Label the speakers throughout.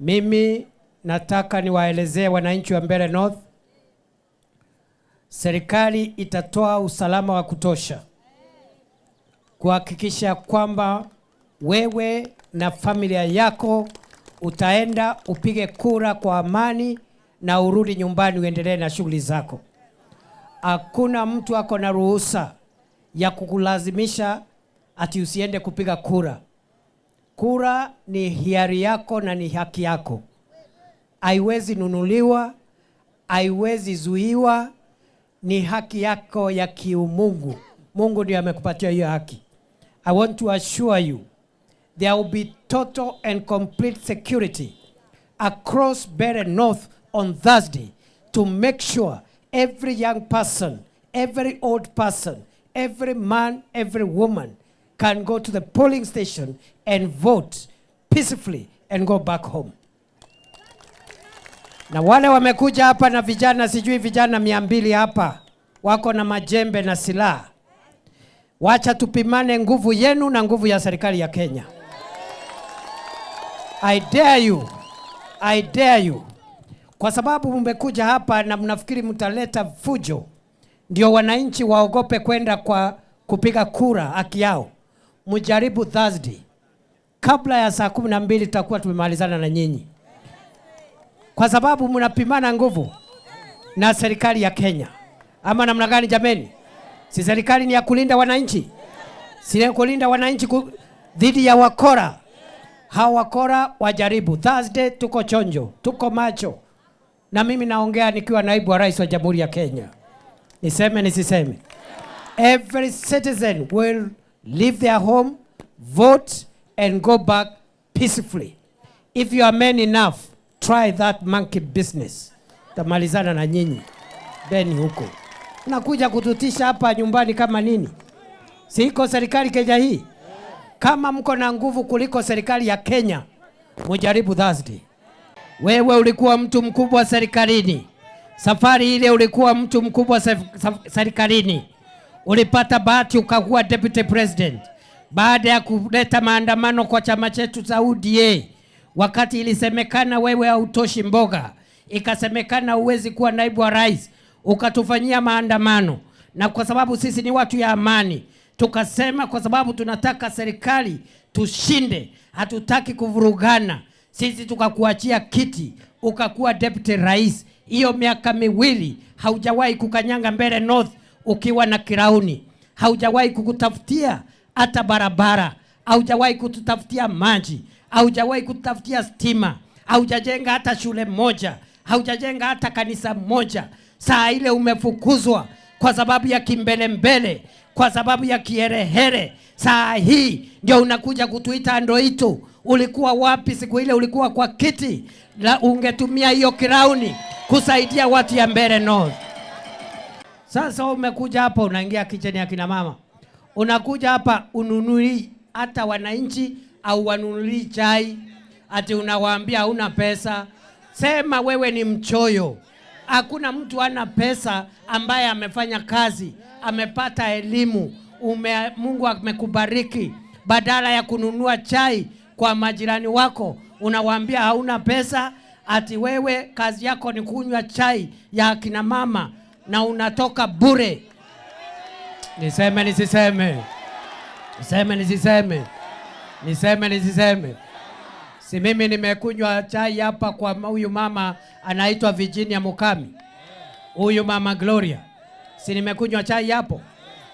Speaker 1: Mimi nataka niwaelezee wananchi wa Mbeere North, serikali itatoa usalama wa kutosha kuhakikisha kwamba wewe na familia yako utaenda upige kura kwa amani na urudi nyumbani uendelee na shughuli zako. Hakuna mtu ako na ruhusa ya kukulazimisha ati usiende kupiga kura. Kura ni hiari yako na ni haki yako, haiwezi nunuliwa, haiwezi zuiwa, ni haki yako ya kiumungu. Mungu ndiye amekupatia hiyo haki. I want to assure you there will be total and complete security across Mbeere North on Thursday to make sure every young person, every old person, every man, every woman can go to the polling station and vote peacefully and go back home. Na wale wamekuja hapa na vijana sijui vijana mia mbili hapa wako na majembe na silaha, wacha tupimane nguvu yenu na nguvu ya serikali ya Kenya. I dare you. I dare you. Kwa sababu mmekuja hapa na mnafikiri mtaleta fujo ndio wananchi waogope kwenda kwa kupiga kura haki yao mjaribu Thursday kabla ya saa kumi na mbili tutakuwa tumemalizana na nyinyi, kwa sababu mnapimana nguvu na serikali ya Kenya ama namna gani? Jameni, si serikali ni ya kulinda wananchi, si kulinda wananchi dhidi ya wakora. Hawa wakora wajaribu Thursday. Tuko chonjo, tuko macho, na mimi naongea nikiwa naibu wa rais wa jamhuri ya Kenya. Niseme nisiseme, every citizen will leave their home, vote, and go back peacefully. If you are men enough, try that monkey business. Tamalizana na nyinyi beni huko, nakuja kututisha hapa nyumbani kama nini? Siiko serikali Kenya hii? Kama mko na nguvu kuliko serikali ya Kenya, mujaribu Thursday. Wewe ulikuwa mtu mkubwa serikalini, safari ile ulikuwa mtu mkubwa serikalini ulipata bahati ukakuwa deputy president baada ya kuleta maandamano kwa chama chetu cha UDA. Wakati ilisemekana wewe hautoshi mboga, ikasemekana huwezi kuwa naibu wa rais, ukatufanyia maandamano, na kwa sababu sisi ni watu ya amani tukasema kwa sababu tunataka serikali tushinde, hatutaki kuvurugana. Sisi tukakuachia kiti ukakuwa deputy rais. Hiyo miaka miwili haujawahi kukanyanga mbele north ukiwa na kirauni, haujawahi kukutafutia hata barabara, haujawahi kututafutia maji, haujawahi kututafutia stima, haujajenga hata shule moja, haujajenga hata kanisa moja. Saa ile umefukuzwa kwa sababu ya kimbelembele, kwa sababu ya kiherehere. Saa hii ndio unakuja kutuita Ndoitu. Ulikuwa wapi siku ile? Ulikuwa kwa kiti la, ungetumia hiyo kirauni kusaidia watu ya Mbeere North. Sasa umekuja hapa unaingia kicheni ya kina mama, unakuja hapa ununui hata wananchi au wanunulii chai, ati unawaambia hauna pesa. Sema wewe ni mchoyo. Hakuna mtu ana pesa ambaye amefanya kazi, amepata elimu, ume, Mungu amekubariki. Badala ya kununua chai kwa majirani wako, unawaambia hauna pesa, ati wewe kazi yako ni kunywa chai ya akina mama na unatoka bure. Niseme nisiseme? Niseme nisiseme? Niseme nisiseme? Si mimi nimekunywa chai hapa kwa huyu mama anaitwa Virginia Mukami, huyu mama Gloria, si nimekunywa chai hapo?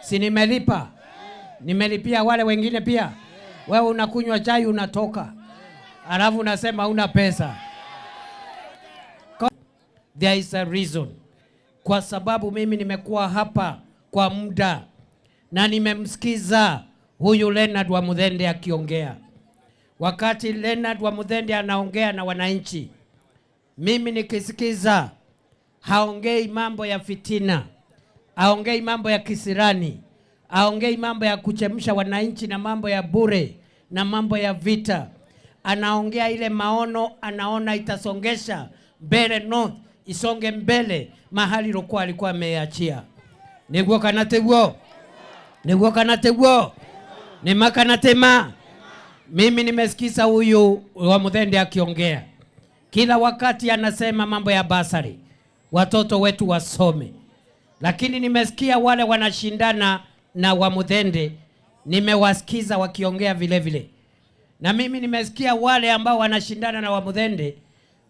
Speaker 1: Si nimelipa? Nimelipia wale wengine pia. Wewe unakunywa chai unatoka, alafu unasema una pesa. There is a reason kwa sababu mimi nimekuwa hapa kwa muda na nimemsikiza huyu Leonard Mudhende akiongea. Wakati Leonard Mudhende anaongea na wananchi, mimi nikisikiza, haongei mambo ya fitina, aongei mambo ya kisirani, aongei mambo ya kuchemsha wananchi na mambo ya bure na mambo ya vita. Anaongea ile maono anaona itasongesha mbele North isonge mbele mahali lokuwa alikuwa ameachia niguo kanateguo niguo kanateguo nima mimi nimesikiza huyu wa mudhende akiongea kila wakati anasema mambo ya basari watoto wetu wasome, lakini nimesikia wale wanashindana na wa Muthende, nimewasikiza wakiongea vile vile, na mimi nimesikia wale ambao wanashindana na wa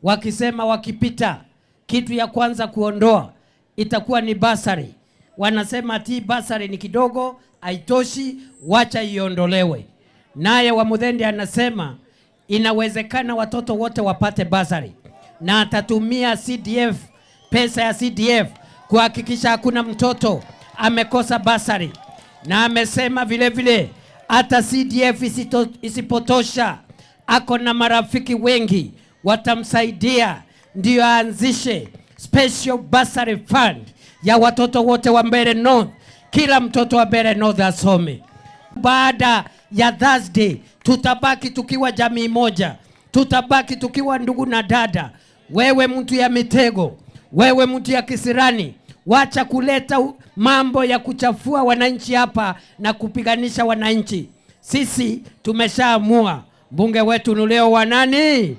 Speaker 1: wakisema wakipita kitu ya kwanza kuondoa itakuwa ni basari. Wanasema ati basari ni kidogo, haitoshi, wacha iondolewe. Naye Wamuthende anasema inawezekana watoto wote wapate basari, na atatumia CDF, pesa ya CDF kuhakikisha hakuna mtoto amekosa basari, na amesema vilevile hata CDF isipotosha, ako na marafiki wengi watamsaidia ndiyo aanzishe special bursary fund ya watoto wote wa Mbeere North, kila mtoto wa Mbeere North asome. Baada ya Thursday tutabaki tukiwa jamii moja, tutabaki tukiwa ndugu na dada. Wewe mtu ya mitego, wewe mtu ya kisirani, wacha kuleta mambo ya kuchafua wananchi hapa na kupiganisha wananchi. Sisi tumeshaamua mbunge wetu nuleo wa nani?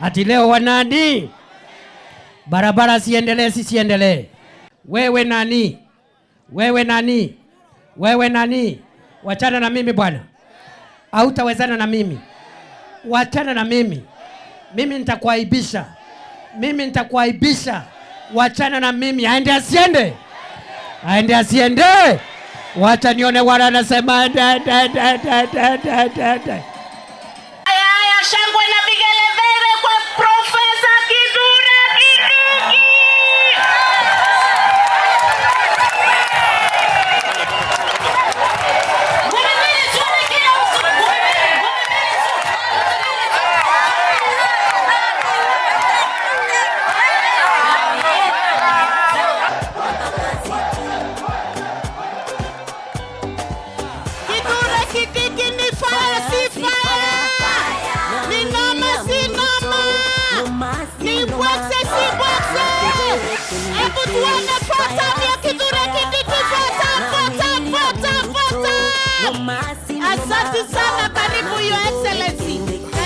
Speaker 1: Ati leo wanani barabara siendelee, sisiendelee? Wewe nani? Wewe nani? Wewe nani? Wachana na mimi bwana, hautawezana na mimi. Wachana na mimi, mimi nitakuaibisha, mimi nitakuaibisha. Wachana na mimi. Aende asiende, aende asiende. Wacha nione wala anasema da, da, da, da, da, da.
Speaker 2: wanapata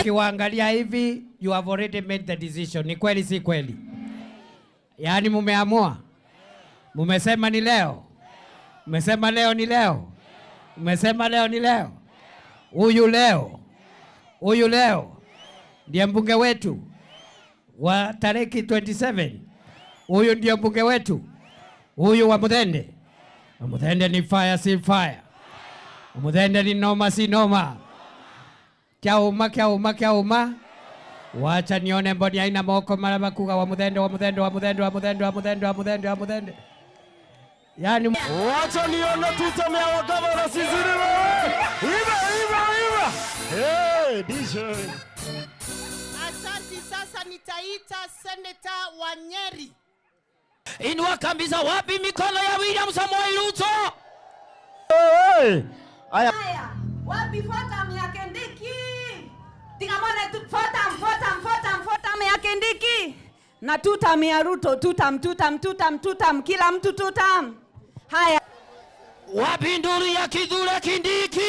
Speaker 1: Kiwaangalia hivi, you have already made the decision. Ni kweli si kweli? Yaani mumeamua, mumesema ni leo, mumesema leo ni leo, mumesema leo ni leo. Huyu leo, huyu leo ndiye mbunge wetu wa tariki 27 Huyu ndio mbunge wetu huyu wa Mudhende. Mudhende ni fire, si fire. Mudhende ni noma, si noma. Kyauma, kyauma, kyauma. Wacha nione mboni aina moko mara makuga wa Mudhende wa Mudhende wa Mudhende wa Mudhende wa Mudhende wa Mudhende wa Mudhende. Yani
Speaker 3: wacha nione tutamea wa gavana sisi wewe. Iba, iba, iba. Hey, DJ.
Speaker 4: Asante, sasa nitaita seneta wa Nyeri.
Speaker 5: Inua kabisa, wapi mikono ya William Samoei Ruto?
Speaker 6: Hey,
Speaker 7: Aya. wapi fotam ya Kindiki? Tikamone tu fotam fotam fotam fotam ya Kindiki na tutam ya Ruto, tutam tutam tutam tutam, kila mtu tutam. Haya,
Speaker 8: wapi nduru ya kidhura Kindiki?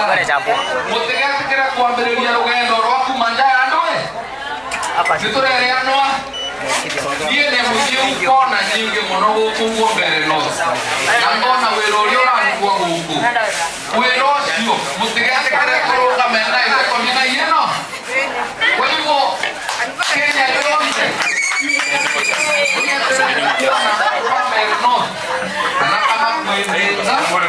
Speaker 9: Nilikuwa na jambo.
Speaker 10: Mutigatikira kwambiriria rugendo rwaku manjaya andu we. Eh. Apa niturereanwa. Niĩ nĩ mũthiĩ kona nyingĩ mũno gũkũ guo mbere no. Na ngona wĩra ũrĩa ũrakuo gũkũ. Wĩra ũcio mũtigatikire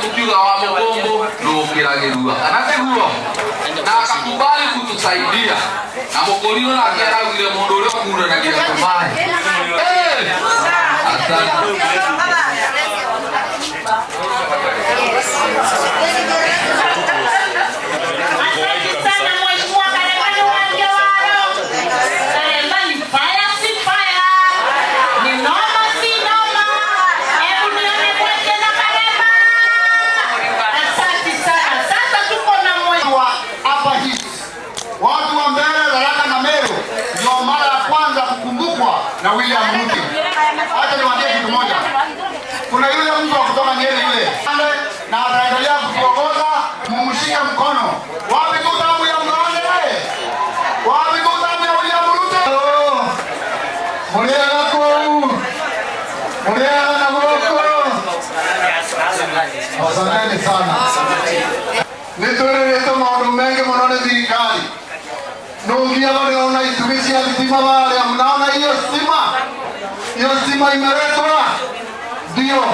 Speaker 10: kupiga wa mugongo nukiragerua anateguro na akakubali kutusaidia na mukolino nakeragire mundu uria kuranagira kumai asante Acha niwaambie kitu moja, kuna yule mtu wa kutoka Nyeri yule na ataendelea kutuongoza, mumshike mkono. Wapi kutamu ya Mkonde? Wapi kutamu ya William Ruto? Mulia nako mulia nako. Asanteni sana. Nitorere to maundu mengi muno ni thirikari nungia varia unaitumisia thitima varia mnaona hiyo stima hiyo stima imeletwa, ndio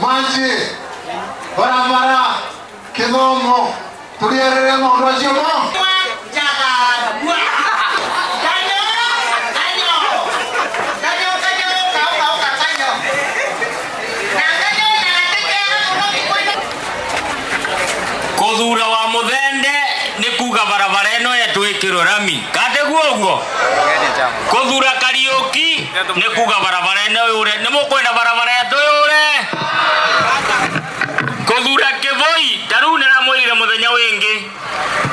Speaker 10: maji, barabara, kidhomo, tulierere maundu acio mo
Speaker 11: kuthura wa muthende ni kuga barabara eno yetu rami rami kateguo uguo kuthura ki ni kuga barabara ene yure ni mukwenda barabara yetu yure kuthura kivoi taruu niramwirire muthenya wingi